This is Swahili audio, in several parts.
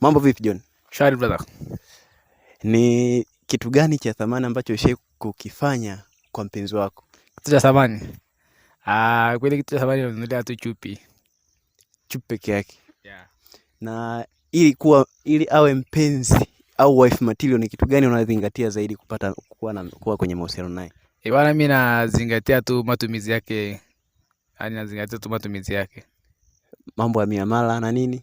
Mambo vipi John? Shari brother. Ni kitu gani cha thamani ambacho ushai kukifanya kwa mpenzi wako? Kitu cha thamani? Ah, kweli kitu cha thamani nimenunulia tu chupi. Chupi peke yake. Yeah. Na ili kuwa ili awe mpenzi au wife material ni kitu gani unazingatia zaidi kupata kuwa na kuwa kwenye mahusiano naye? Eh, bwana mimi nazingatia tu matumizi yake. Yaani nazingatia tu matumizi yake. Mambo ya miamala na nini?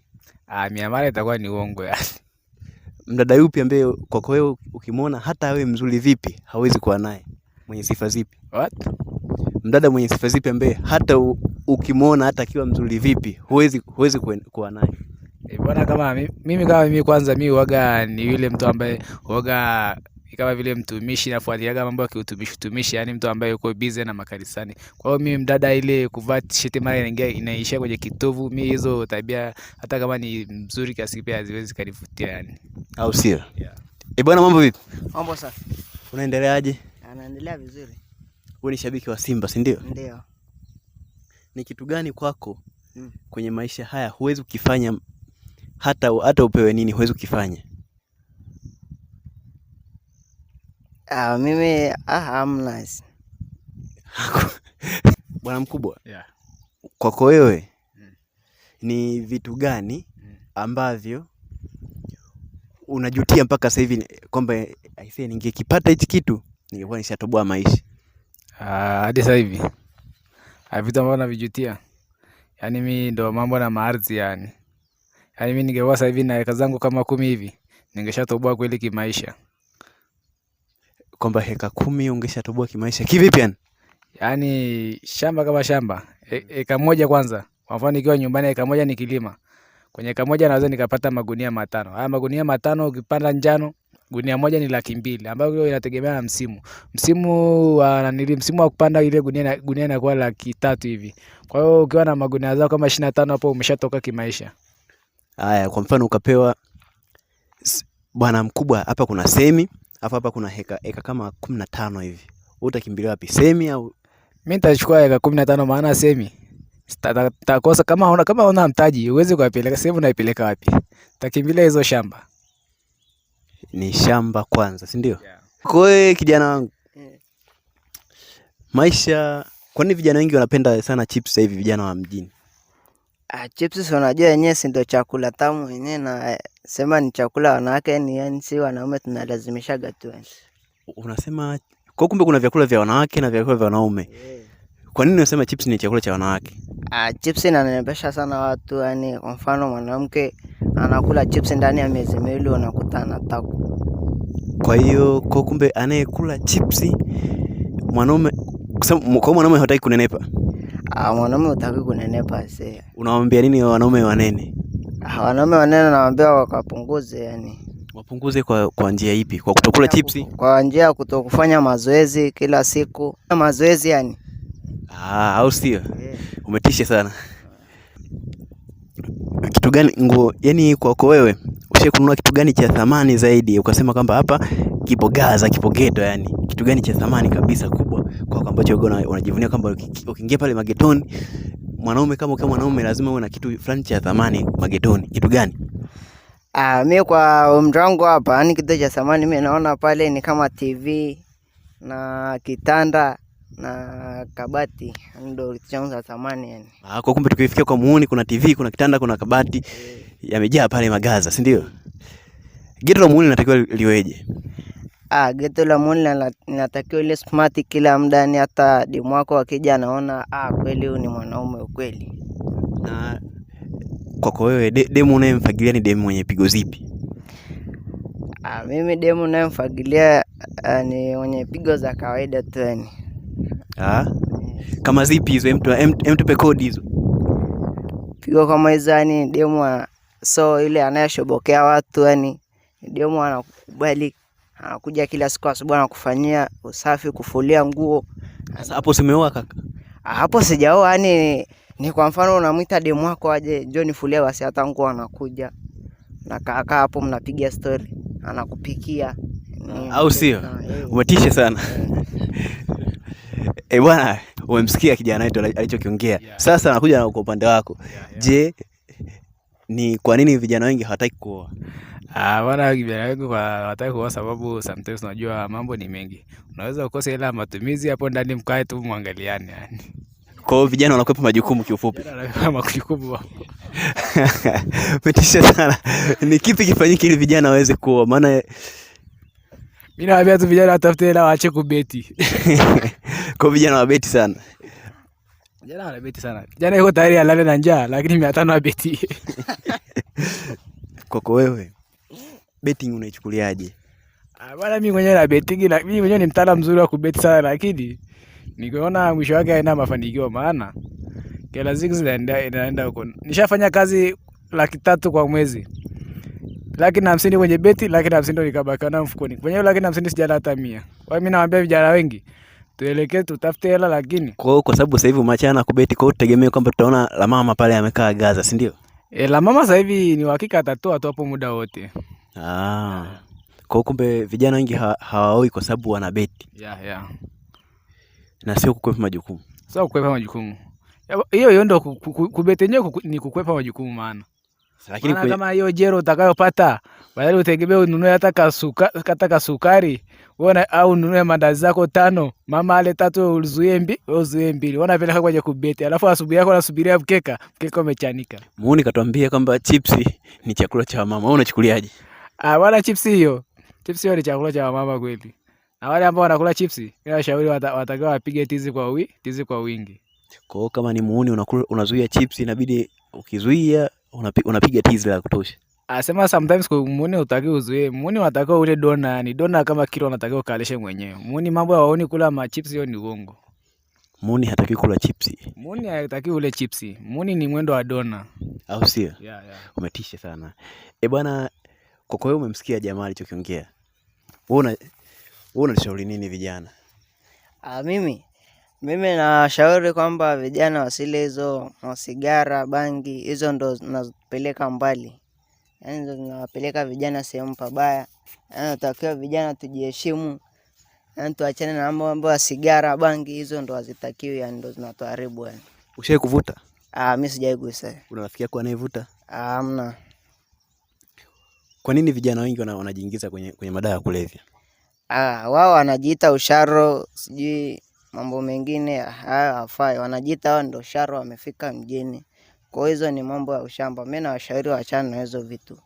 Ah, miamala itakuwa ni uongo yani. Mdada yupi ambaye kwako wewe ukimwona hata awe mzuri vipi hawezi kuwa naye? Mwenye sifa zipi? What? Mdada mwenye sifa zipi ambaye hata ukimwona hata akiwa mzuri vipi huwezi huwezi kuwa naye? E, bwana kama mimi kama mimi kwanza mimi huaga ni yule mtu ambaye huaga kama vile mtumishi, nafuatiliaga mambo ya kiutumishi utumishi, yani mtu ambaye yuko busy na makanisani. Kwa hiyo mimi mdada, ile kuvaa t-shirt mara inaingia inaishia kwenye kitovu, mimi hizo tabia hata kama ni mzuri kiasi pia haziwezi kanivutia yani, au sio? Yeah. E bwana, mambo vipi? Mambo safi. Unaendeleaje? Anaendelea vizuri. Wewe ni shabiki wa Simba, si ndio? Ndio. Ni kitu gani kwako mm. kwenye maisha haya huwezi ukifanya hata hata upewe nini, huwezi ukifanya Ah, mimi ah, bwana mkubwa yeah. Kwako wewe mm. ni vitu gani mm. ambavyo unajutia mpaka sasa hivi kwamba aisee, ningekipata hichi kitu ningekuwa nishatoboa maisha? Ah, hadi sasa hivi vitu ambavyo navijutia, yaani mi ndo mambo na maardhi yani, yaani mi ningekuwa sasa hivi na eka zangu kama kumi hivi ningeshatoboa kweli kimaisha kwamba heka kumi ungeshatoboa kimaisha kivipi yani? yani shamba kama shamba, heka e, moja kwanza. Kwa mfano ikiwa nyumbani heka moja ni kilima Kwenye heka moja naweza nikapata magunia matano. Haya magunia matano ukipanda njano, gunia moja ni laki mbili ambayo inategemea na msimu. Msimu wa nanili, msimu wa kupanda ile gunia gunia inakuwa laki tatu hivi. Kwa hiyo ukiwa na magunia zao kama tano hapo umeshatoka kimaisha. Haya, kwa mfano ukapewa bwana mkubwa, hapa kuna semi Alafu hapa kuna heka heka kama 15 hivi. Utakimbilia wapi? Semi au mimi nitachukua heka 15 maana semi takosa kama una kama una mtaji uweze kuipeleka sehemu, unaipeleka wapi? Takimbilia hizo shamba. Ni shamba kwanza, si ndio? Yeah. Kwa kijana wangu mm. Maisha, kwa nini vijana wengi wanapenda sana chips hivi, vijana wa mjini? Ah, chips unajua yenyewe si ndio chakula tamu yenyewe na Sema ni chakula wanawake ni yani, wanaume tunalazimishaga tu. Unasema kwa kumbe kuna vyakula vya wanawake na vyakula vya wanaume. yeah. Kwa nini unasema chips ni chakula cha wanawake? Ah, chips inanenepesha sana watu yani, kwa mfano mwanamke anakula chips ndani ya miezi miwili unakuta anataka. Kwa hiyo kwa kumbe anayekula chips mwanaume, kwa mwanaume hataki kunenepa. Ah, mwanaume hataki kunenepa sasa. Unawaambia nini wanaume wanene? Ah, wanaume wanene nawaambia wakapunguze, yani wapunguze kwa, kwa njia ipi? Kwa kutokula chipsi? Kwa njia ya kutokufanya mazoezi kila siku mazoezi yani. Ah, au sio? Yeah. Umetisha sana. Kitu gani nguo, yani kwako wewe ushe kununua kitu gani cha thamani zaidi ukasema kwamba hapa kipo gaza kipo ghetto? yani kitu gani cha thamani kabisa kubwa kwako ambacho unajivunia kwamba ukiingia pale magetoni mwanaume kama ukiwa mwanaume lazima uwe na kitu fulani cha thamani magetoni. Kitu gani? Ah, mimi kwa umri wangu hapa, yani kitu cha thamani mimi naona pale ni kama TV na kitanda na kabati, yaani ndio kitu changu cha thamani yani. Ah, kwa kumbe tukifikia kwa muuni, kuna TV, kuna kitanda, kuna kabati yamejaa pale magaza, si ndio? Geto la muuni natakiwa liweje? Ah, geto la muone linatakiwa ile smart kila muda, ni hata demu wako akija naona ah, kweli huyu ni mwanaume ukweli. Na kwako wewe de, demu unayemfagilia ni demu mwenye pigo zipi? Ah, mimi demu nayemfagilia ah, ni mwenye pigo za kawaida tu yani. Ah, kama zipi hizo? Mtupe kodi hizo pigo kama hizo yani demu, so ile anayeshobokea watu yani demu anakubali anakuja kila siku asubuhi anakufanyia usafi, kufulia nguo. Sasa hapo simeoa kaka? Ah, hapo sijaoa, yani ni kwa mfano unamwita demu wako aje, njoo nifulie basi, hata nguo anakuja na kaka hapo, mnapiga story, anakupikia au sio? Umetisha sana eh. eh bwana, umemsikia kijana wetu alichokiongea. Sasa anakuja na kwa upande wako, je, ni kwa nini vijana wengi hawataki kuoa? Ah, bwana biashara yangu kwa watai kwa sababu sometimes unajua mambo ni mengi. Unaweza ukose ila matumizi hapo ndani mkae tu muangaliane yani. Kwa hiyo vijana wanakuwepa majukumu kiufupi. Majukumu. Metisha sana. Ni kipi kifanyike ili vijana waweze kuoa? Maana mimi nawaambia tu vijana watafute hela waache kubeti. Kwa vijana wabeti sana. Vijana wanabeti sana. Vijana yuko tayari alale na njaa lakini 500 abeti. Koko wewe betting unaichukuliaje? Ah, Bwana, mimi mwenyewe na betting na mimi mwenyewe ni mtaalamu mzuri wa kubet sana, lakini nikiona mwisho wake haina mafanikio, maana kila ziki zinaenda inaenda huko. Nishafanya kazi laki tatu kwa mwezi, laki na hamsini kwenye beti, laki na hamsini ndo nikabaki na mfukoni kwenye laki na hamsini sijala hata mia. Kwa hiyo mimi nawaambia vijana wengi tuelekee tutafute hela, lakini kwa kwa sababu sasa hivi umeachana kubeti, kwa hiyo tutegemee kwamba tutaona la mama pale amekaa Gaza, si ndio? E, la mama sasa hivi ni uhakika atatoa tu hapo muda wote. Ah. Yeah. Kwa kumbe vijana wengi hawaoi kwa sababu wana beti. Yeah, yeah. na sio kukwepa majukumu. Sio kukwepa majukumu. Hiyo hiyo ndio kubeti yenyewe ni kukwepa majukumu maana. Lakini Maana kama hiyo jero utakayopata badala utegemee ununue hata kasuka, hata kasukari uona, au ununue mandazi zako tano, mama ale tatu, uzuie mbi, uzuie mbili, wanapeleka kwenye kubeti, alafu asubuhi yako unasubiria mkeka, mkeka umechanika. muone katuambia kwamba chipsi ni chakula cha mama Wewe unachukuliaje? Ah, wala chipsi hiyo. Chipsi hiyo ni chakula cha wamama kweli. Na wale ambao wanakula chipsi, ninawashauri watakao wapige tizi kwa wingi, tizi kwa wingi. Kwa hiyo kama ni muuni unakula unazuia chipsi inabidi ukizuia unapiga unapiga tizi la kutosha. Ah, sema sometimes kwa muuni utaki uzuie. Muuni unatakiwa ule dona, ni dona kama kilo unataka ukalishe mwenyewe. Muuni mambo ya waoni kula ma chipsi hiyo ni uongo. Muuni hataki kula chipsi. Muuni hataki ule chipsi. Muuni ni mwendo wa dona. Au sio? Yeah, yeah. Umetisha sana. Eh, bwana kwa kwa hiyo umemsikia jamaa alichokiongea. Wewe unashauri nini vijana? A, ah, mimi mimi nashauri kwamba vijana wasile hizo masigara, bangi, hizo ndo zinazopeleka mbali, yaani ndo zinawapeleka vijana sehemu pabaya. Yaani natakiwa vijana tujiheshimu, yaani tuachane na mambo mambo ya sigara, bangi, hizo ndo hazitakiwi, yaani ndo zinatuharibu. Yaani ushawahi kuvuta? Ah, mimi sijawahi kuvuta. Una rafiki yako anayevuta? Ah, hamna. Kwa nini vijana wengi wanajiingiza kwenye, kwenye madawa ya kulevya? Ah, wao wanajiita usharo, sijui mambo mengine hayo hafai, wanajiita wao ndio usharo, wamefika mjini. Kwa hizo ni mambo ya ushamba. Mimi nawashauri waachane na hizo vitu.